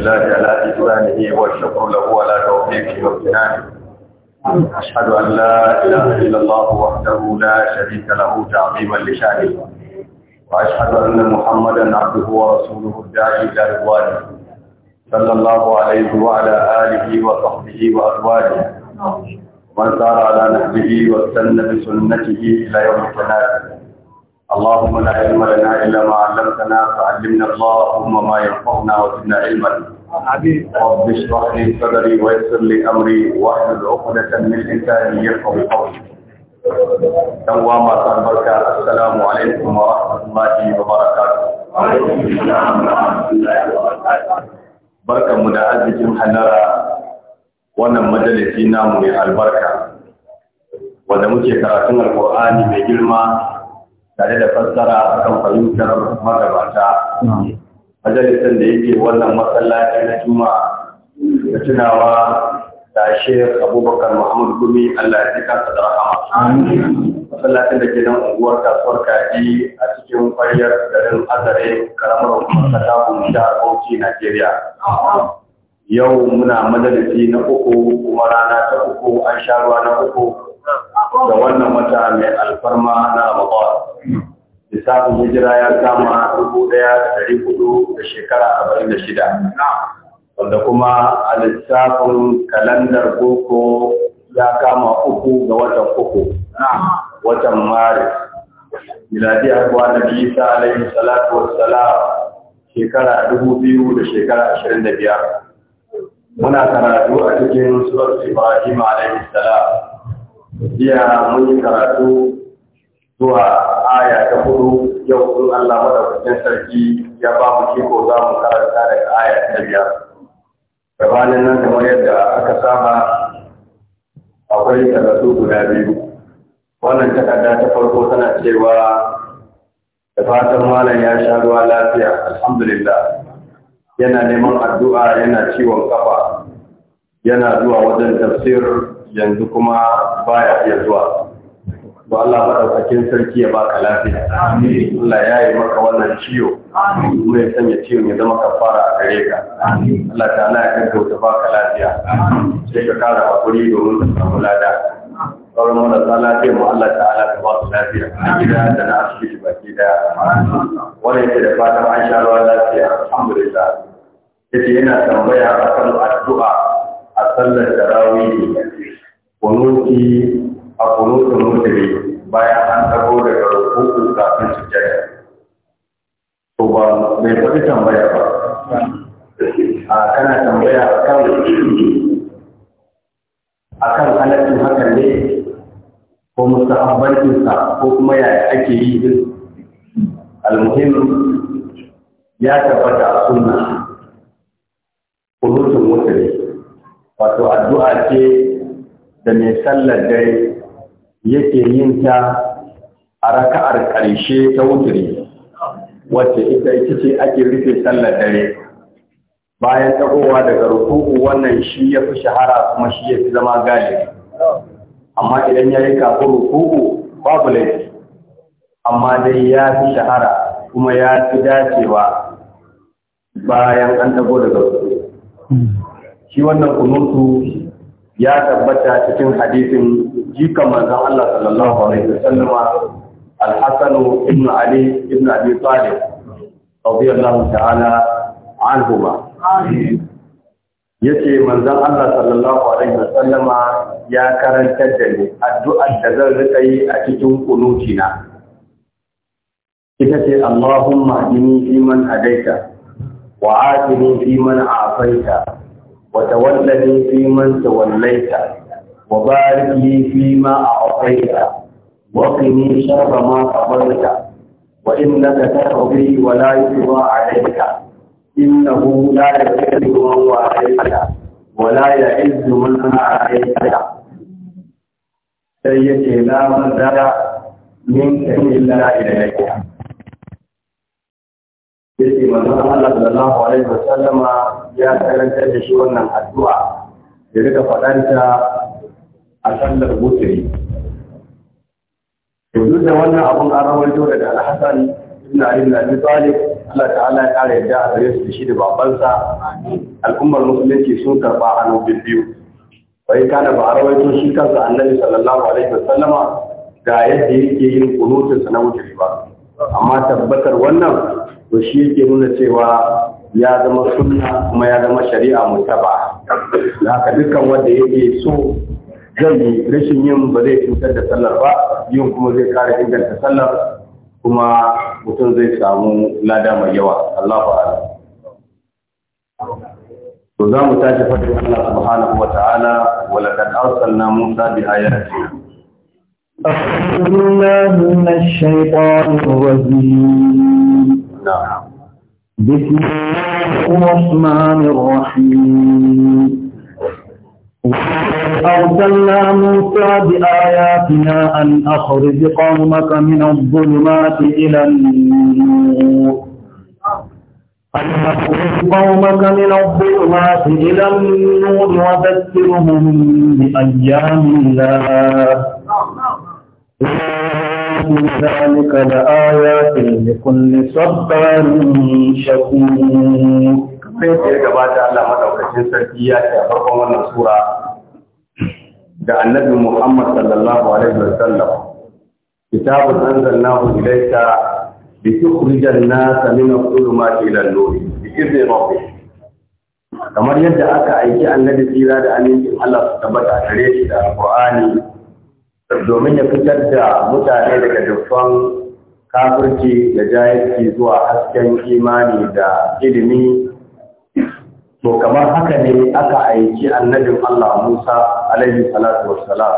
الله على إسلامه والشكر له على توفيقه وامتنانه أشهد أن لا إله إلا الله وحده لا شريك له تعظيما لشأنه وأشهد أن محمدا عبده ورسوله الداعي إلى رضوانه صلى الله عليه وعلى آله وصحبه وأزواجه ومن سار على نهجه واستنى بسنته إلى يوم القيامة اللهم لا علم لنا الا ما علمتنا فعلمنا اللهم ما ينفعنا وزدنا علما رب اشرح لي صدري ويسر لي امري واحلل عقدة من لساني يفقه قولي دوا ما تبارك السلام عليكم ورحمه الله وبركاته barkanmu da arzikin halara wannan majalisi namu mai albarka wanda muke karatun alkur'ani mai girma tare da fassara kan fahimtar magabata majalisar da yake wannan masallaci na juma'a da tunawa da shekh abubakar Muhammadu gumi allah ya kansa da rahama masallacin da ke nan unguwar kasuwar kaji a cikin faryar garin azare karamar hukumar katakun a bauchi najeriya yau muna majalisi na uku kuma rana ta uku an sha ruwa na uku da wannan wata mai alfarma na Ramadan. Lissafin hijira ya kama dubu ɗaya da ɗari hudu da shekara arba'in da shida. Wanda kuma a lissafin kalandar boko ya kama uku ga watan uku. Watan Maris. Miladi haɗuwa na ta alaihi salatu salam shekara dubu biyu da shekara ashirin da biyar. Muna karatu a cikin Surat Ibrahim alaihi salam. jiya mun yi karatu zuwa aya ta hudu yau in Allah madaukakin sarki ya ba mu shi za mu karanta daga aya ta biyar gabanin nan kamar yadda aka saba akwai karatu guda biyu wannan takarda ta farko tana cewa da fatan malam ya sha ruwa lafiya alhamdulillah yana neman addu'a yana ciwon kafa yana zuwa wajen tafsir yanzu kuma baya iya zuwa ba Allah madaukakin sarki ya baka lafiya Allah ya yi maka wannan ciwo mai sanya ciwon ya zama kafara a gare ka Allah ta'ala ya kankauta baka lafiya sai ka kara hakuri domin ka samu lada sauran marasa lafiya mu Allah ta'ala ka ba su lafiya a gida da na asibiti baki daya wannan yake da fatan an sha ruwa lafiya alhamdulillah yace yana tambaya akan addu'a a sallar tarawih kwanoki a kunutu mutane bayan an tabo daga hukun kafin su jaya to ba mai faɗi tambaya ba a kana tambaya a akan halittun hakan ne ko mustahabbancinsa ko kuma yaya ake yi din almuhim ya tabbata a sunna kunutun mutane wato addu'a ce da mai sallar dare yake yin ta a raka'ar ƙarshe ta wuturi wacce ita ita ce ake rufe sallar dare bayan tagowa daga rukuku wannan shi ya fi shahara kuma shi ya fi zama galibi amma idan ya yi kafin rukuku babu laifi amma dai ya fi shahara kuma ya fi dacewa bayan an tago daga rukuku shi wannan kunutu ya tabbata cikin hadisin jikan Manzan Allah sallallahu alaihi wasallam al-Hasan ibn Ali ibn Abi Talib radiyallahu ta'ala anhuma yace Manzan Allah sallallahu alaihi wasallam ya karantar da ni addu'ar da zan rika yi a cikin kunutina ita ce Allahumma hadini fi man hadaita wa afini fi man afaita وتولني فيمن توليت وبارك لي فيما أعطيت وقني شر ما قبلت وإنك تقضي ولا يقضى عليك إنه لا يذل من وعليك ولا يعز من عليك سيدي لا مزال منك إلا إليك يجي من Allah sallallahu Alaihi wasallama ya karantar da shi wannan addu'a da rika faɗanta a sallar mutane. Yanzu da wannan abun an rawaito daga Alhassan Ibn Ali bin Abi Talib Allah ta'ala ya kare yadda a gare su da shi da babansa al'ummar musulunci sun karɓa nufin biyu. Bai kana ba a rawaito shi kansa annabi sallallahu alaihi wasallama ga yadda yake yin kunutunsa na wuce ba. Amma tabbatar wannan to shi yake nuna cewa ya zama sunna kuma ya zama shari'a mutaba da haka dukkan wanda yake so zai yi rashin yin ba zai cutar da sallar ba yin kuma zai kara inganta sallar kuma mutum zai samu lada mai yawa Allah ba to za mu tashi fadin Allah subhanahu wa ta'ala wa laqad arsalna Musa bi ayatina أعوذ بالله من الشيطان الرجيم نعم بسم الله الرحمن الرحيم أرسلنا موسى بآياتنا أن أخرج قومك من الظلمات إلى النور أن أخرج قومك من الظلمات إلى النور وذكرهم بأيام الله في ذلك لآيات لكل صبر شكور sai da ya gabata Allah madaukakin sarki ya ce a farkon wannan sura da annabi Muhammad sallallahu alaihi wa sallam. kitabun anzalnahu ilayka bi tukhrijan nasa min adh-dhulumati ila an-nur bi idhni rabbih kamar yadda aka aiki annabi tsira da amincin Allah ta bada a gare shi da alqur'ani domin ya fitar da mutane daga dukkan kafirci da jahilci zuwa hasken imani da ilimi to kamar haka ne aka aiki annabin Allah Musa alaihi salatu wassalam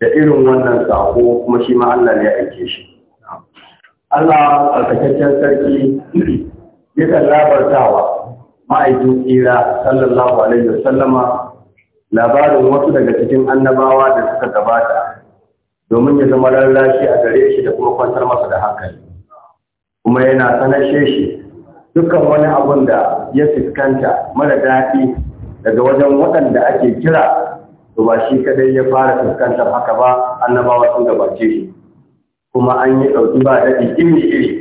da irin wannan sako kuma shi ma Allah ne ya aike shi Allah alkataccen sarki yakan labartawa ma'aikin tsira sallallahu alaihi wasallama labarin wasu daga cikin annabawa da suka gabata domin ya zama lallashi a gare shi da kuma kwantar masa da hankali kuma yana sanashe shi dukkan wani abun da ya fuskanta mara daɗi daga wajen waɗanda ake kira to ba shi kadai ya fara fuskantar haka ba annabawa sun gabace shi kuma an yi ɗauki ba daɗi iri iri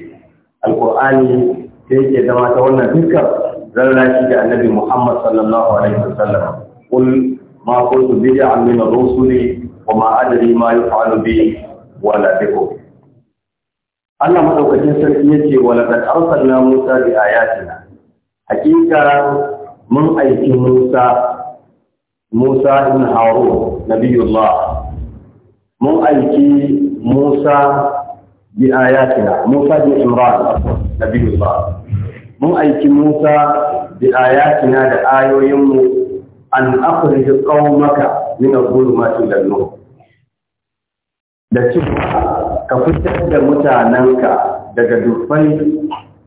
alƙur'ani sai ke zama ta wannan dukkan lallashi da annabi muhammad sallallahu alaihi wasallam kuma adari ma yi faru bi wala Allah maɗaukacin sarki yace wala qad arsalna Musa ayatina hakika mun aiki Musa Musa ibn Harun nabiyullah mun aiki Musa bi ayatina Musa bi Imran mun aiki Musa bi ayatina da ayoyinmu an akhrij qaumaka min maka dhulumati ila masu nur da cewa ka fitar da mutanenka daga dufai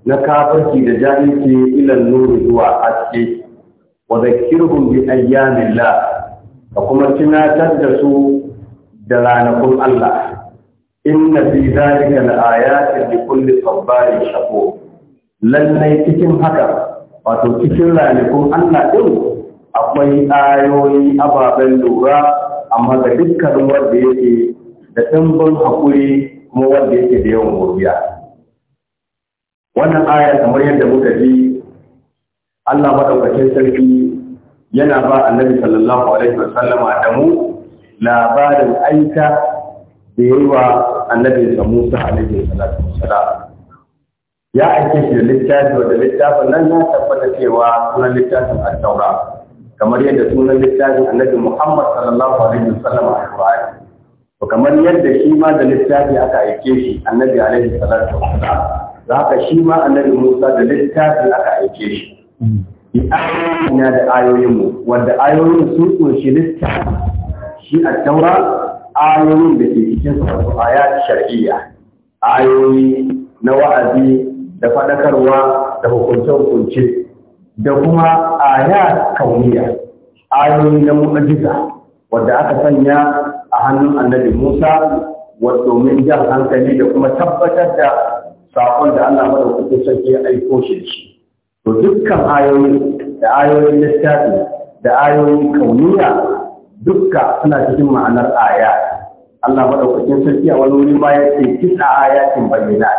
na kafarki da jahilci ilan nuru zuwa aske wa zakirhum bi ayyamillah ka kuma tunatar da su da ranakun Allah inna fi zalika laayatin li kulli sabari shakur lallai cikin haka wato cikin ranakun Allah din akwai ayoyi ababen lura amma ga dukkan wanda yake da ɗimbin haƙuri kuma wanda yake da yawan godiya wannan aya kamar yadda muka ji Allah madaukakin sarki yana ba annabi sallallahu alaihi wasallama da mu labarin aika da yi wa annabinsa Musa alaihi wa salatu wasalam ya aike shi da littafi wanda littafin nan na tabbata cewa sunan littafin al-taura kamar yadda sunan littafin annabi Muhammad sallallahu alaihi wa wasallam al-Qur'ani to kamar yadda shi ma da littafi aka aike shi annabi alaihi salatu wasalam za shi ma annabi Musa da littafi aka aike shi bi ayoyina da ayoyinmu wanda ayoyin sun kunshi littafi shi a taura ayoyin da ke cikin wato ayat shar'iyya ayoyi na wa'azi da faɗakarwa da hukunce-hukunce da kuma ayat kauniya ayoyi na mu'ajiza wanda aka sanya a hannun annabi Musa wa domin jan hankali da kuma tabbatar da saƙon da Allah madaukakin sarki ya aiko shi da shi to dukkan ayoyi da ayoyin littafi da ayoyin kauniya dukka suna cikin ma'anar aya Allah madaukakin sarki a wani wuri ma ya ce kisa ayatin bayyana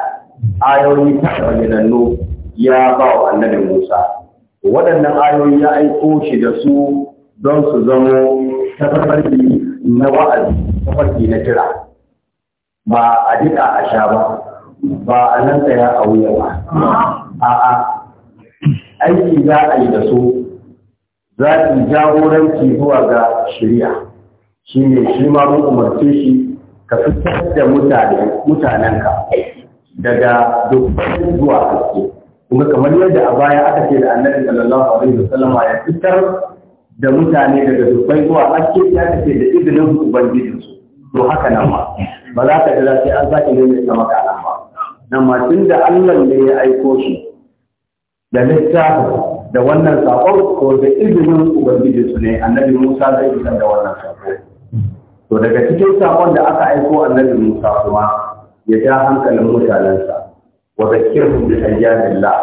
ayoyi ta bayyanannu ya ba wa annabi Musa waɗannan ayoyi ya aiko shi da su don su zamo tafarki na wa'azi tafarki na kira ba a dika a sha ba ba a nan tsaya a wuya ba a'a aiki za a yi da su za ki jagoranci zuwa ga shirya shi ne shi ma umarce shi ka fitar da mutanenka daga dukkan zuwa haske kuma kamar yadda a baya aka ce da annabi sallallahu alaihi wasallama ya fitar da mutane daga dubbai zuwa ake ta tafi da izinin su to haka nan ma ba za ka jira sai an zaki ne kama maka nan ma nan ma tun da Allah ne ya aiko shi da littafin da wannan sakon ko da izinin su ne annabi Musa zai yi da wannan sakon to daga cikin sakon da aka aiko annabi Musa kuma ya ja hankalin mutanensa wa zakirhum bi ayyamillah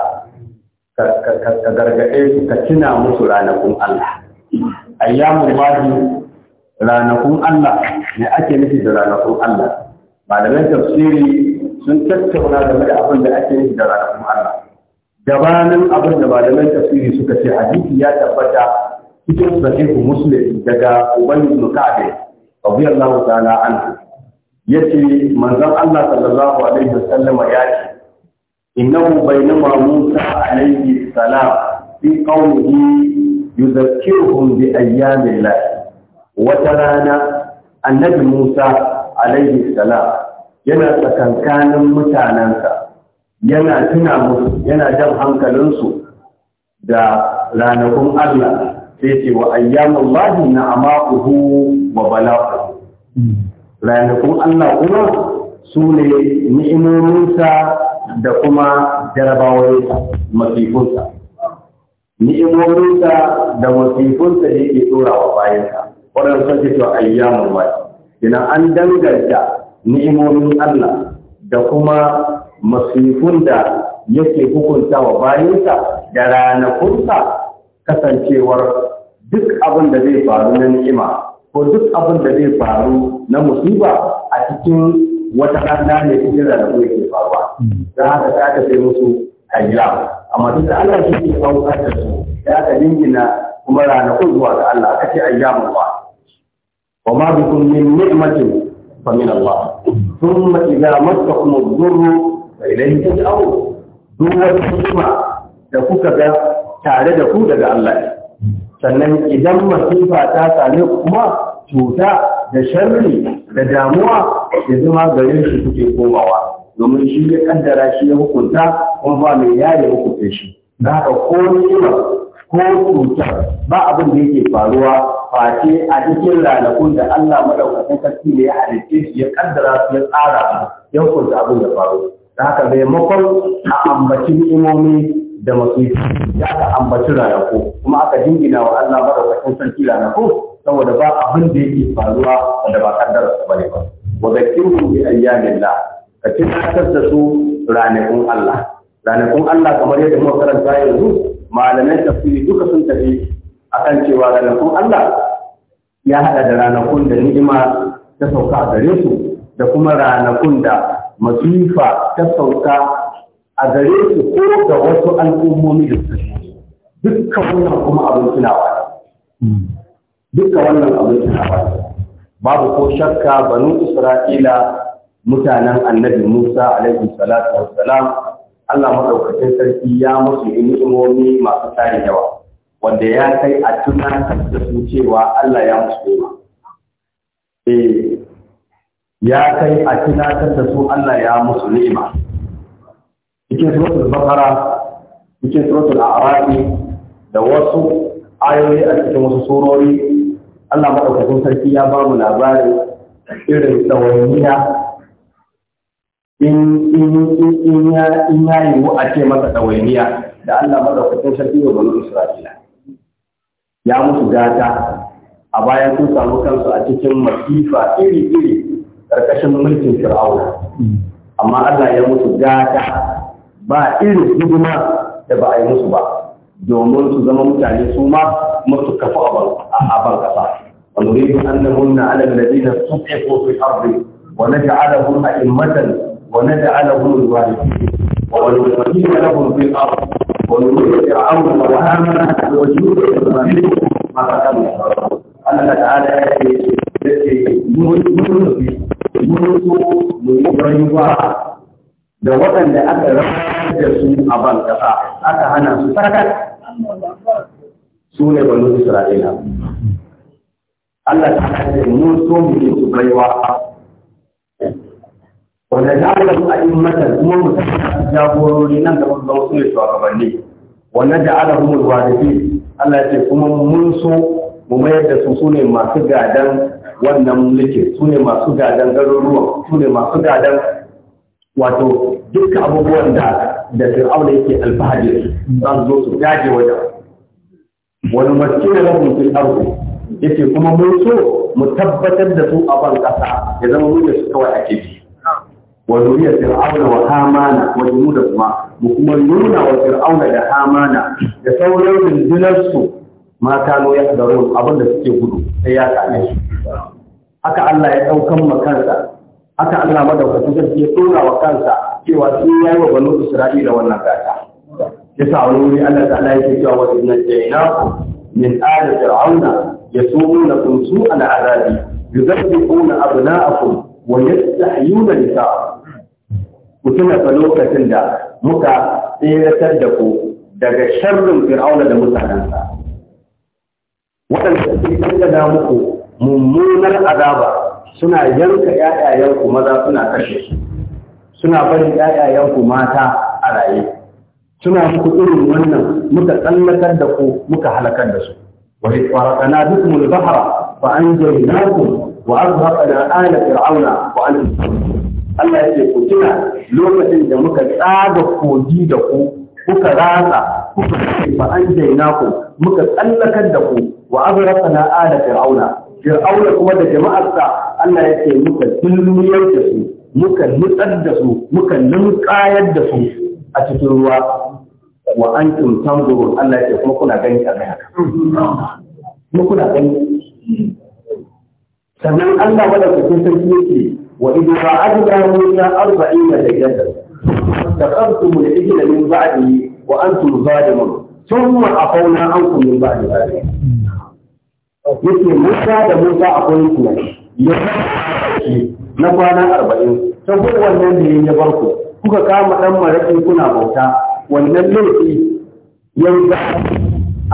ka gargaɗe su ka tuna musu ranakun Allah ayyamul wahi ranakun Allah ne ake nufi da ranakun Allah malamai tafsiri sun tattauna game da abin da ake nufi da ranakun Allah gabanin abin da malamai tafsiri suka ce hadisi ya tabbata cikin sahihu muslim daga ubay ibn ka'ab radiyallahu ta'ala anhu yace manzon Allah sallallahu alaihi wasallam ya ce innahu bainama Musa alaihi salam fi qawlihi yuzakkiruhum bi ayyamillah wata rana annabi Musa alaihi salam yana tsakankanin mutanensa yana tuna musu yana jan hankalinsu da ranakun Allah sai ce wa ayyamun lahi na amakuhu wa bala'u ranakun Allah kuma su ne ni'imominsa da kuma jarabawar masifunsa ni'imominsa da wasifunsa da yake tsora wa bayansa waɗanda sun ce cewa ayyamun wani ina an danganta ni'imomin Allah da kuma masifun da yake hukunta wa bayansa da ranakunsa kasancewar duk abin da zai faru na ni'ima ko duk abin da zai faru na musiba a cikin wata rana ne cikin ranaku yake faruwa da haka ka sai musu ayyamu amma duk da Allah shi ke kawo kasar su da aka dingina kuma ranakun zuwa ga Allah aka ce ayyamu ba wa ma bikum min ni'matin fa min Allah thumma idza massakum ad-durru fa ilayhi tad'u duk wata hikima da kuka ga tare da ku daga Allah sannan idan masifa ta same kuma cuta da sharri da damuwa ya zama gare shi kuke komawa domin shi ya kaddara shi ya hukunta kuma ba mai yaya hukunta shi da haka ko ni'ima ko cutar ba abin da yake faruwa face a cikin ranakun da Allah madaukakin sarki ne ya halitta shi ya kaddara su ya tsara ya hukunta abin da faru da haka maimakon a ambaci imomi da masifi ya aka ambaci ranaku kuma aka jingina wa Allah madaukakin sarki ranaku saboda ba abin da yake faruwa da ba kaddara su bane ba wa zakkiru bi ayyamillah ka tunatar da su ranakun Allah ranakun Allah kamar yadda muka karanta yanzu malamai tafsiri duka sun tafi akan cewa ranakun Allah ya haɗa da ranakun da ni'ima ta sauka a gare su da kuma ranakun da masifa ta sauka a gare su ko da wasu al'ummomi da su dukkan wannan kuma abin tunawa dukkan wannan abin tunawa babu ko shakka banu isra'ila mutanen annabi Musa alaihi salatu wa salam Allah madaukakin sarki ya musu ni'imomi masu tarin yawa wanda ya kai a tuna da su cewa Allah ya musu goma eh, ya kai a tunatar da su Allah ya musu ni'ima cikin suratul baqara cikin suratul a'rafi da wasu ayoyi a cikin wasu surori Allah madaukakin sarki ya ba mu labarin irin tsawaniya in ya yi a ce masa ɗawainiya da Allah madaukakin sarki wa banu Isra'ila ya musu gata a bayan sun samu kansu a cikin masifa iri-iri ƙarƙashin mulkin Fir'auna amma Allah ya musu gata ba irin hidima da ba a yi musu ba domin su zama mutane su ma musu kafa a ban kasa wa nuridu annahunna ala alladhina suqifu fil ardi wa naj'aluhum a'immatan ونجعله الوارثين ونجعله له في الارض ونجعل عون وجود المسلمين ما قدمنا الله تعالى da waɗanda aka rafa da su a ban ƙasa aka hana su sakat su ne banu Isra'ila Allah ta ce mun so mu yi su baiwa wanda ta ala su a immatar kuma musamman jagorori nan da wasu zama su ne shugabanni wanda da ala humul wadafi Allah ce kuma mun so mu mayar da su su ne masu gadan wannan mulkin ne masu gadan garuruwan ne masu gadan wato dukkan abubuwan da da fir'auna yake alfahari za su zo su gaje wajen wani masu da lahun fil ardi yace kuma mun so mu tabbatar da su a ban ƙasa ya zama mun da su kawai a bi wa zuriyar fir'auna wa hamana wa junudahuma mu kuma nuna wa fir'auna da hamana da sauran rundunarsu ma kano ya tsaro abin da suke gudu sai ya same su haka Allah ya daukan ma kansa haka Allah madaukakin sarki ya dora wa kansa cewa sun yayi wa banu Isra'ila wannan gata wani wuri Allah wa min ku tuna fa lokacin da muka tseratar da ku daga sharrin fir'auna da mutanensa waɗanda suke dangana muku mummunar azaba suna yanka ‘ya'yayenku maza suna kashe su suna barin ‘ya'yayenku mata a raye suna muku irin wannan muka tsallakar da ku muka halakar da su wa na duk mulbahara fa an jainakum wa azhaqna ala fir'auna wa antum Allah ya ce ku tuna lokacin da muka tsaga kogi da ku kuka ratsa kuka ce fa an jaina ku muka tsallakar da ku wa azrafna ala fir'auna fir'auna kuma da jama'arsa Allah ya ce muka dilluyar da su muka nutsar da su muka ninkayar da su a cikin ruwa wa antum tanzurun Allah ya ce kuma kuna gani a haka kuma kuna gani sannan Allah wadda kuke sarki yake وإذ قعدنا منا أربعين ليلة فاتخذتم العجل من بعده وأنتم ظالمون ثم عفونا عنكم من بعد ذلك yake Musa da Musa akwai kuma ya na kwana arba'in ta wannan da ya bar ku kuka kama ɗan maraƙi kuna bauta wannan laifi ya yi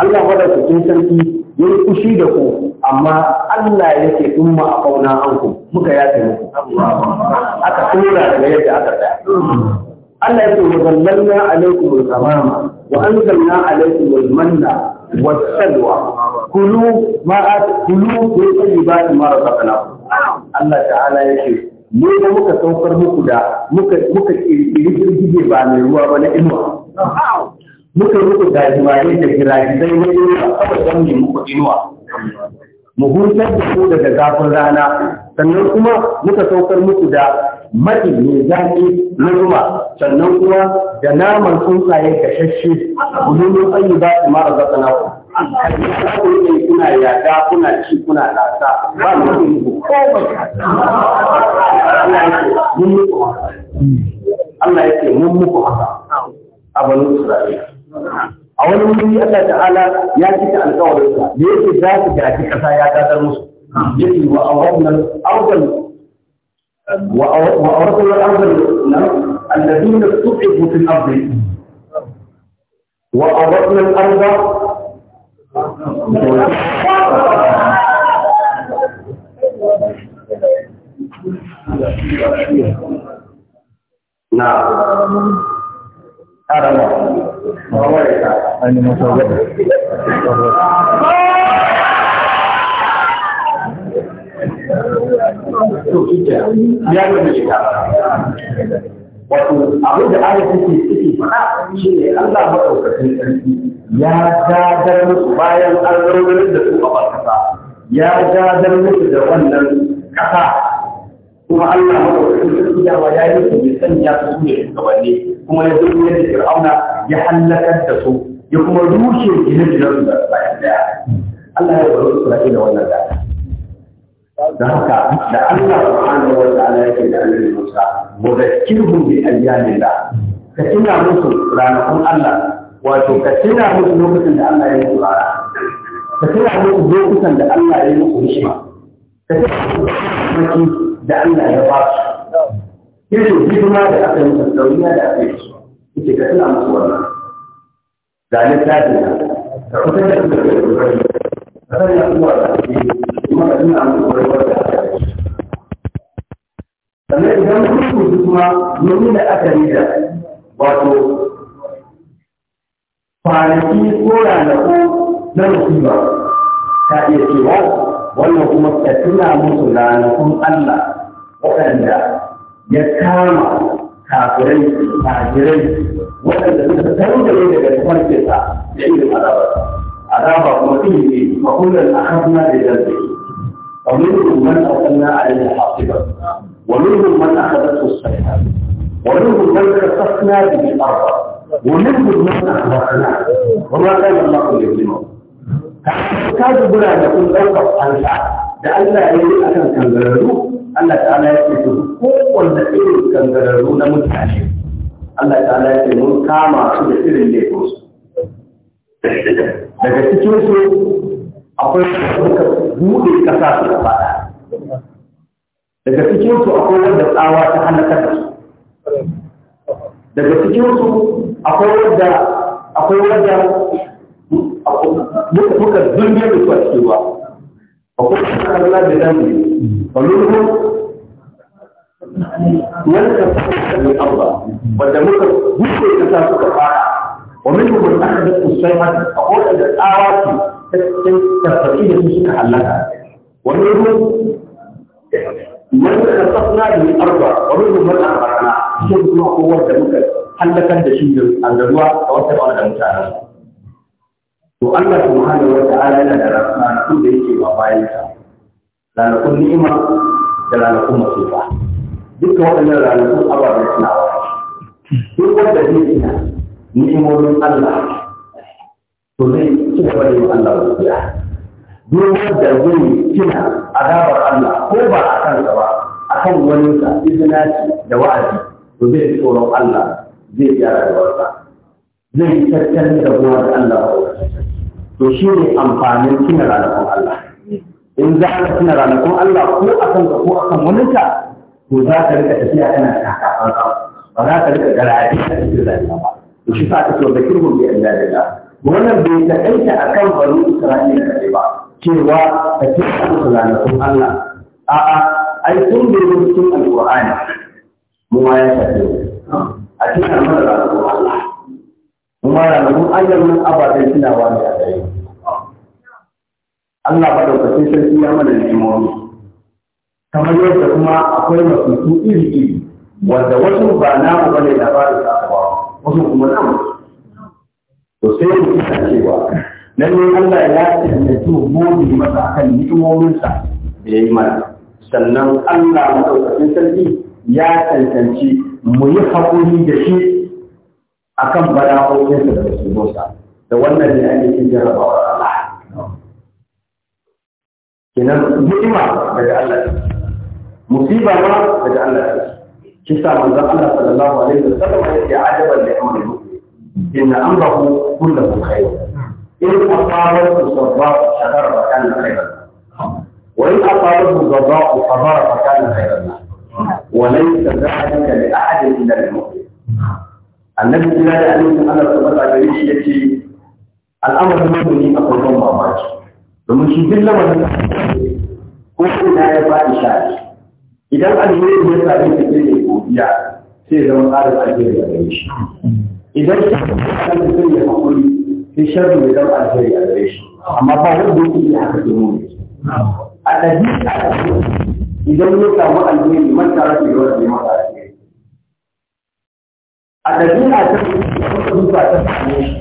Allah wadda cikin sarki ya kushi da ku amma Allah yake ma a kauna anku muka ce muku aka tura daga yadda aka tsaya Allah yake wa zallalna alaikum al-ghamama wa anzalna alaikum al-manna was-salwa kulu ma kulu min tayyibati mara razaqnakum Allah ta'ala yake mu da muka saukar muku da muka muka kirkiri girgije ba mai ruwa ba na inuwa muka yi muku gajimaye da girajidai na inuwa saboda yi muku inuwa mu hutar da su daga zafin rana sannan kuma muka saukar muku da mati mai zafi na zuma sannan kuma da naman tsuntsaye gashashe gudun tsayi ba su mara zafi na ku kuna yada kuna ci kuna lasa ba mu yi muku Allah mun muku haka a banu Isra'ila a wani wuri Allah ta'ala ya cika alƙawarinsa da yake za su gaji ƙasa ya gadar musu yake wa awrabnal ardal wa awrabnal ardal alladhina tuqifu fil ardi wa awrabnal arda na أرى Aini masa Ya zo da shiga. da shi ya musu bayan an da su a barkasa ya gadar musu da wannan ƙasa kuma Allah maɗaukakin sarki yawa ya yi su bai sanya su ne kuma ya zo ne da Fir'auna ya hallakar da su ya kuma rushe gine-ginen da bayan daya Allah ya bari su da wannan da da haka da Allah subhanahu wa ta'ala yake da annabi Musa mudakkirhum bi ayyamillah ka tuna musu ranakun Allah wato ka tuna musu lokacin da Allah ya musu rana ka tuna musu lokutan da Allah ya musu hikima ka tuna musu da Allah ya ba su Yadda hikima da aka yi musu dauriya da aka yi su yake ka tuna musu wannan da littafin ta kusa da kuma da kuma ka sani abubuwa da ake kuma ka tuna musu wani wanda aka yi sannan idan su kuma domin da aka da wato kwanaki ko ranaku na musiba ta iya cewa wannan kuma ka tuna musu ranakun Allah waɗanda ya kama kafirai kafirai waɗanda suka tangare daga tafarkinsa da irin azabar azaba kuma sun yi ne makulan a hannuna da zarfe ومنهم من أرسلنا عليه حاصبا ومنهم من أخذته الصيحة ومنهم من كسفنا به الأرض ومنهم من أخذنا وما كان الله يظلمهم كاد بنا نكون أوقف أنفع لأن لا يجب أن تنزلوا Allah ta'ala ya ce duk kowanne irin gangararru na mutane Allah ta'ala ya ce mun kama su da irin laifinsu daga cikin su akwai suka buɗe kasa su da fada daga cikin su akwai wanda tsawa ta hana kasa su daga cikin su akwai wanda akwai wanda duka duka da su cikin wanda akwai wanda da dami ومنهم من تفسد الأرض والدمر بشر تساسك الرائع ومنهم من أخذت الصيحة أقول أن الآوات تستفيد تسك حلها ومنهم من خصصنا به الأرض من أخبرنا شيء ما هو الدمر حلكا دشيد الدروع توسع على المتعلم to Allah subhanahu wa ta'ala كل شيء rahmatu da ranakun ni'ima da ranakun masifa duka waɗannan ranakun ababen suna duk wanda zai ina ni'imomin Allah to zai ci gaba da yin Allah gaskiya duk wanda zai kina azabar Allah ko ba a kan ba a kan wani sa izinaci da wa'azi to zai tsoron Allah zai gyara rayuwarsa zai tattalin da ruwa da Allah to shi ne amfanin kina ranakun Allah in za ka tuna ranakun Allah ko a kan ko a kan waninka to za ka rika tafiya kana takafan ka ba za ka rika garaje a cikin rayuwa ba to shi sa ake da kirhu bi Allah da wannan bai ta aika akan banu Isra'ila kaɗai ba cewa ka tuna musu ranakun Allah a'a ai sun bai cikin alqur'ani mu ma ya tafi a tuna mana ranakun Allah mu ma ranakun Allah mun ababen tunawa ne a gare Allah ba da madaukakin sarki ya mana jimomi kamar yadda kuma akwai masusu iri iri wanda wasu ba namu bane labarin da ba wasu kuma namu to sai mu kisa cewa lalle Allah ya mu gobe masa kan ni'imominsa da ya yi mana sannan Allah madaukakin sarki ya tantance mu yi haƙuri da shi akan bala'o'insa da musulmansa da wannan ne ake cin jarabawa kenan ni'ima daga Allah ne musiba ma daga Allah ne kisa manzo Allah sallallahu alaihi wasallam ya ce ajaban li amri inna amrahu kulluhu khair in asabahu sarra shakara fa kana khairan wa in asabahu dharra sabara fa kana khairan wa laysa dhalika li ahadin illa lil mu'min annabi sallallahu alaihi wasallam ya ce al'amarin mu'mini akwai ban mamaki domin shi duk lamarin da ko kuma ya faɗi sha idan alheri ya sami ta ko godiya sai zama ƙarin alheri a gare shi idan shi da ya hakuri sai sharri ya zama alheri a gare shi amma ba wanda yake a haka domin a ɗabi'a idan ya samu alheri man tare da yawan da alheri a ɗabi'a ta kuma ta shi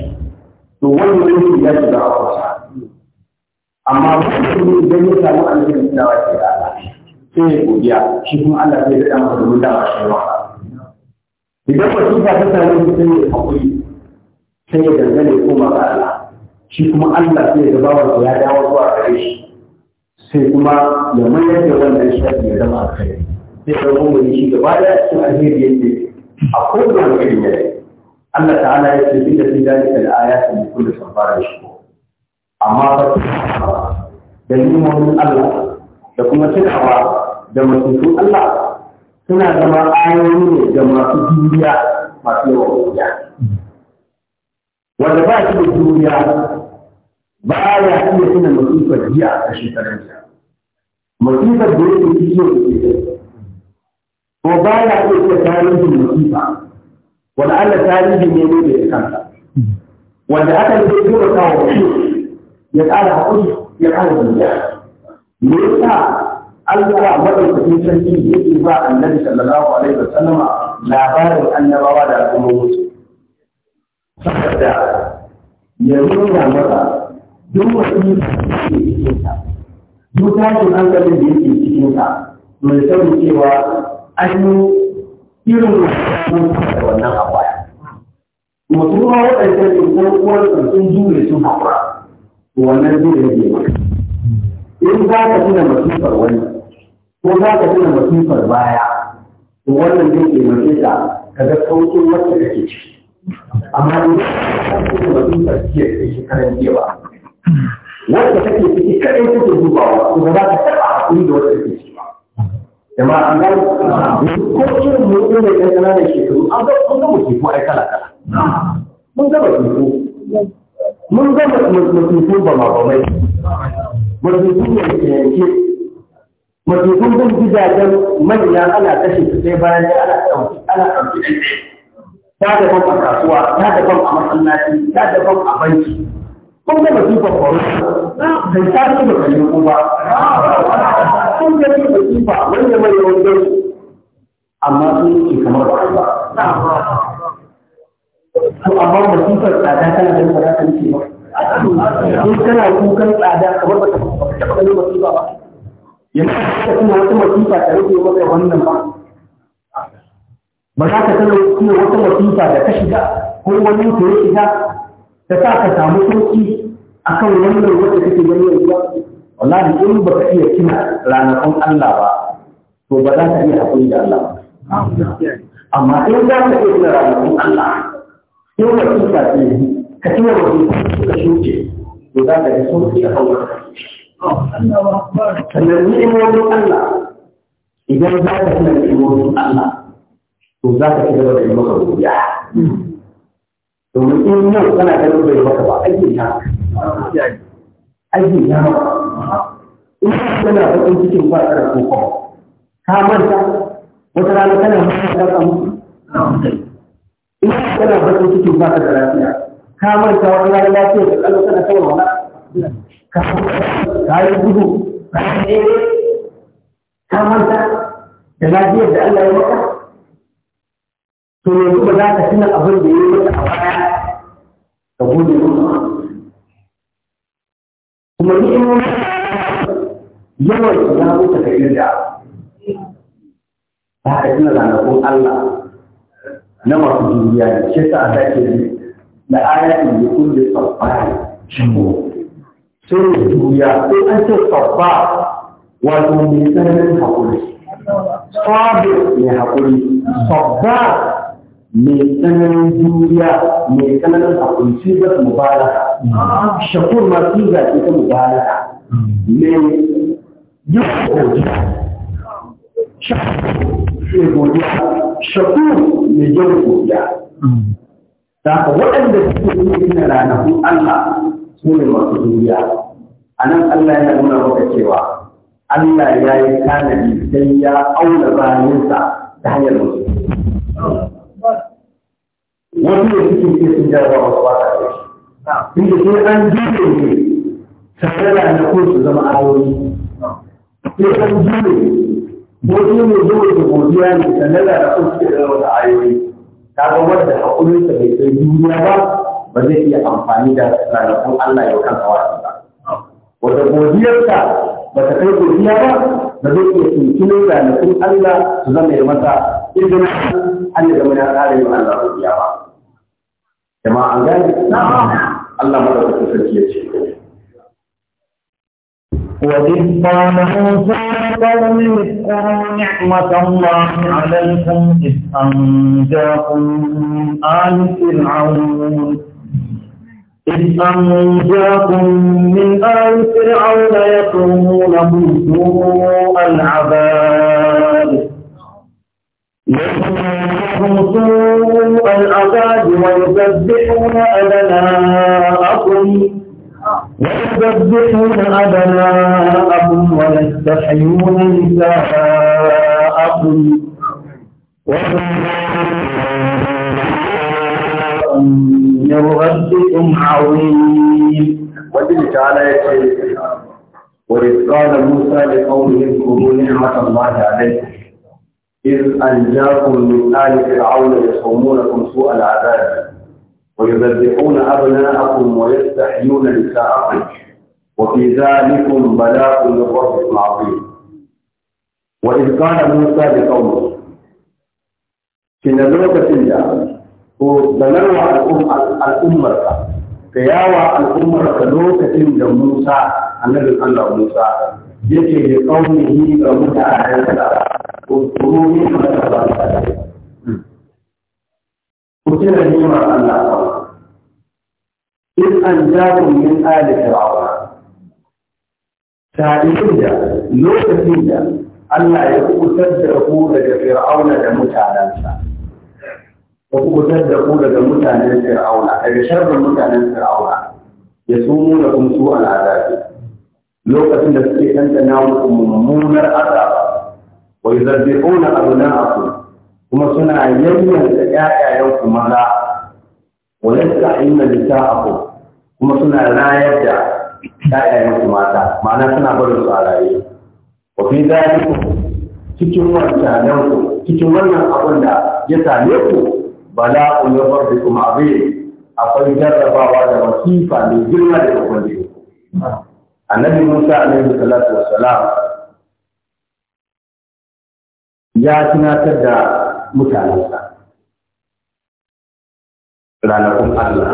to wannan yake ya shiga a kwasa amma mutum idan ya samu alheri da wace ke Allah sai ya godiya shi kuma Allah zai da masa domin da idan ba idan wasifa ta samu sai ya hakuri sai ya dangane ko ba Allah shi kuma Allah sai da bawa ya dawo zuwa gare shi sai kuma ya mayar da wannan shi ya zama alheri sai ya zama mai shi gaba da cikin alheri yake a kowane irin yanayi Allah ta'ala ya ce bi da fi da ayatun kullu sabara shi amma ba da limomin Allah da kuma tunawa da masu Allah suna zama ayoyi ne da masu juriya masu yawan juriya wanda ba shi da juriya ba ya iya tuna masifar jiya a shekarar jiya masifar da yake cikin da ke ko ba ya iya tuna tarihin masifa wanda Allah yi ne ne da ya kanta wanda aka yi zai taimaka wa ya ƙara haƙuri ya ƙara zuciya me yasa Allah madaukakin sarki yake ba annabi sallallahu alaihi wasallam labarin annabawa da al'ummomi saboda ya nuna masa duk wani da yake cikin sa duk tashin hankalin da yake cikin sa to ya cewa an yi irin wannan a baya. Mutum ma waɗancan ke ko uwarsa sun jure sun haƙura. wannan zai rage maka in za ka tuna masifar wani ko za ka tuna masifar baya to wannan zai taimake ka ka ga sauƙin wacce kake ciki amma in ka tuna masifar jiya da shekaran jiya ba wanda kake ciki kaɗai kake dubawa ko ba za ka taɓa hakuri da wacce kake ciki ba jama'a an gani ko irin mutum mai ɗan ƙananan shekaru an ga mu ke musifu ai kala kala mun ga musifu mun ga mutuntun ba ma bamai mutuntun ne ke yanke mutuntun bin gidajen manya ana kashe su sai bayan da ana ɗauki ana ɗauki ta daban a kasuwa ta daban a masallaci ta daban a banki kun ga masifar kwaro bai ta ce ba kalli ku ba kun ga wanda mai yawan wajen amma sun yi kamar ba to amma masifar tsada tana da ba za ta nufi ba in kana kukan tsada kamar ba ta taɓa ganin masifa ba yanzu ka tuna wata masifa ta rufe maka wannan ba ba za ka tuna wata masifa da ka shiga ko wani ta ya shiga ta sa ka samu sauki kan wannan wanda kake gani yanzu ba wallahi in ba ka iya kina ranakun Allah ba to ba za ka iya haƙuri da Allah ba amma in za ka iya kina ranakun Allah in wasiƙa ce ka ci wa wasiƙa suka shuke to za ka ji sun fi a kawai sannan ni'imomin Allah idan za ka tuna ni'imomin Allah to za ka ci gaba da yi maka godiya domin in yau kana ganin bai maka ba aiki ta aiki ta in ka tana bakin cikin ba tsara ko ka manta wata rana kana manta ka samu ina kana bakin cikin baka da lafiya ka manta wani ya lafiya da kallo kana kawai wala ka ka yi gudu ka ka manta da lafiyar da Allah ya maka to yanzu ba za ka tuna abin da ya yi maka a baya ka gode maka kuma ni'imomi yawan ya ba ka tuna ranakun Allah na masu juriya ne shi sa a dace ne da ayatin da kulle sabba ne shigo sai da juriya sai an ce sabba wato mai tsananin haƙuri sabi mai haƙuri sabba mai tsananin juriya mai tsananin haƙuri shi ba su mubalaka shakur ma su zaɓi ta mubalaka mai yi godiya shakur mai yawan godiya da haka waɗanda suke cikin ranaku Allah su ne masu duniya a nan Allah yana nuna maka cewa Allah ya yi tanadi sai ya auna bayansa ta hanyar musu wani ne suke ke sun jarabawa wasu ba ta shi inda sai an jure ne tare da na su zama ayoyi sai an jure Bodi ne zuwa da godiya ne sannan da rasu suke da wata ayoyi. Ta ga wanda haƙurinsa bai kai duniya ba ba zai iya amfani da ranakun Allah ya kansa kawar ba. Wata godiyarsa ba ta kai godiya ba ba zai iya tunkinin ranakun Allah su zama ya masa izinin an da muna ƙara yin Allah godiya ba. Jama'a an gani? Allah madaukakin sarki ya ce. وإذ قال موسى لقومه اذكروا نعمة الله عليكم إذ أنجاكم من آل فرعون إذ أنجاكم من آل فرعون يكرمونه سوء العذاب يكرمونه سوء العذاب ويسبحون أبناءكم ويذبحون أبناءهم ويستحيون نساءهم من ربكم عظيم وجل تعالى يقول وإذ قال موسى لقومه اذكروا نعمة الله عليكم إذ أنجاكم من آل فرعون يصومونكم سوء العذاب ويذبحون أبناءكم ويستحيون نساءكم وفي ذلكم بلاء من ربكم عظيم وإذ قال موسى لقومه إن لوكة da وبلغوا الأمة فياوى الأمة لوكة موسى النبي صلى الله عليه وسلم يجي لقومه ga mutanen sa ko kuma ne da mutum da nima Allah ba in an jakun min ali fir'auna tarihin da lokacin da Allah ya kubutar da ku daga fir'auna da mutanensa ya kubutar da ku daga mutanen fir'auna daga sharrin mutanen fir'auna ya sumu da kun su al'adabi lokacin da suke ɗanɗana muku mummunar azaba abu na abna'akum kuma suna da ƴaƴayen ku maza wa inna nisa'akum kuma suna rayar da ƴaƴayen ku mata ma'ana suna barin su a raye wa fi zalikum cikin wancanen ku cikin wannan abin da ya same ku bala'u ya farbi kuma abin akwai jarrabawa da wasifa mai girma da ubangiji annabi Musa alaihi salatu wassalam ya tunatar da mutanensa ranakun Allah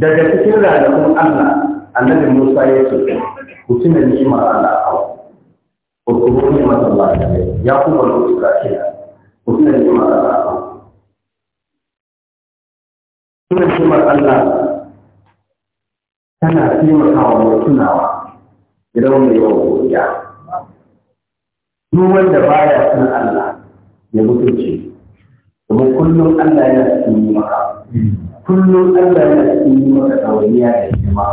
daga cikin ranakun Allah annabi Musa ya ce ku tuna nima Allah a ku kuma ni'imar Allah ya kuma ku Isra'ila ku tuna ni'imar Allah a tuna ni'imar Allah tana taimakawa mai tunawa idan mai yawan godiya duk wanda baya san Allah ya mutunci kuma kullum Allah ya su yi maka kullum Allah ya su yi maka ɗawainiya da hikima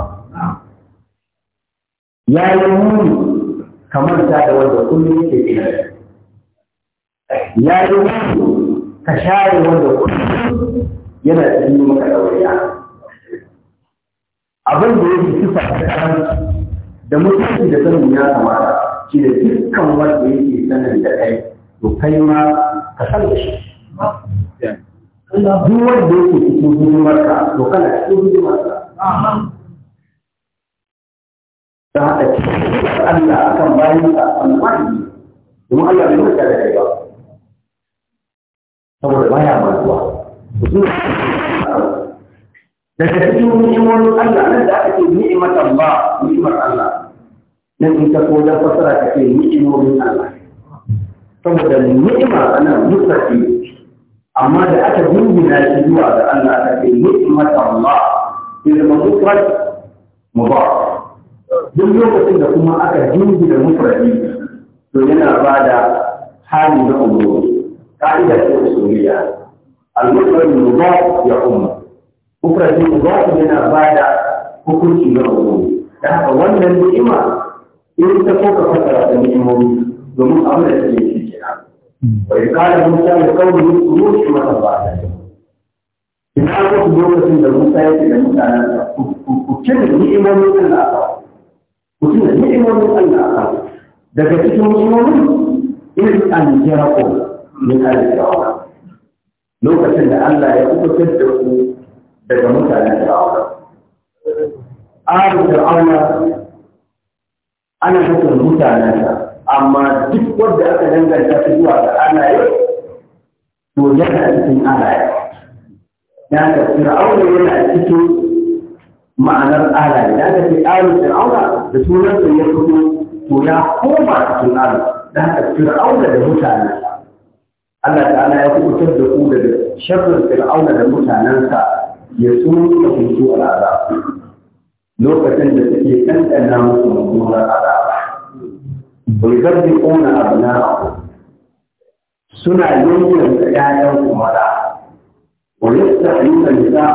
ya yi muni kamar ta da wanda kullum yake gina ya yi muni ka share wanda kullum yana su yi maka ɗawainiya abin da yake sifa a kan da mutunci da sanin ya kamata shi da dukkan wanda yake sanin da kai to kai ma ka san da shi duk wanda yake cikin hidimarka to kana cikin hidimarka ta haɗa cikin Allah akan bayan ka an wani domin Allah bai mata da kai ba saboda baya mantuwa daga cikin ni'imomin Allah nan da ake ni'imatan ba ni'imar Allah nan in ka ko da fasara ta ce ni'imomin Allah saboda ni'ima ana mutsaki amma da aka dingina shi zuwa ga Allah ta kai ni'mat Allah sai da mufrad mudaf duk lokacin da kuma aka dingina mufradi to yana ba da hali na umuri ka'ida ce usuliyya al-mufrad mudaf ya umma mufradi mudaf yana ba da hukunci na umuri da haka wannan ni'ima in ta ko ka fasara da ni'imomi domin abin da take وإذ قال موسى لقومه اذكروا نعمة الله عليكم Ina ku lokacin da Musa ya ce da mutanen ku cire ni'imomin Allah a ku cire ni'imomin Allah a daga cikin ni'imomin in an jira ku min al-fir'auna lokacin da Allah ya kubutar da ku daga mutanen fir'auna Aru fir'auna ana nufin mutanensa amma duk wanda aka danganta shi zuwa ga alaye to yana cikin alaye ya ga fir'auna yana cikin ma'anar alaye da aka ce alu fir'auna da sunan sa ya fito to ya koma cikin alu da aka fir'auna da mutane Allah ta'ala ya kubutar da ku daga sharrin fir'auna da mutanensa ya tsoro ku kuntu al'azab lokacin da suke ɗanɗana musu mummunar azab ويذبحون أبناءهم suna yankin ‘ya'yan kumata, wani tsarin da nisa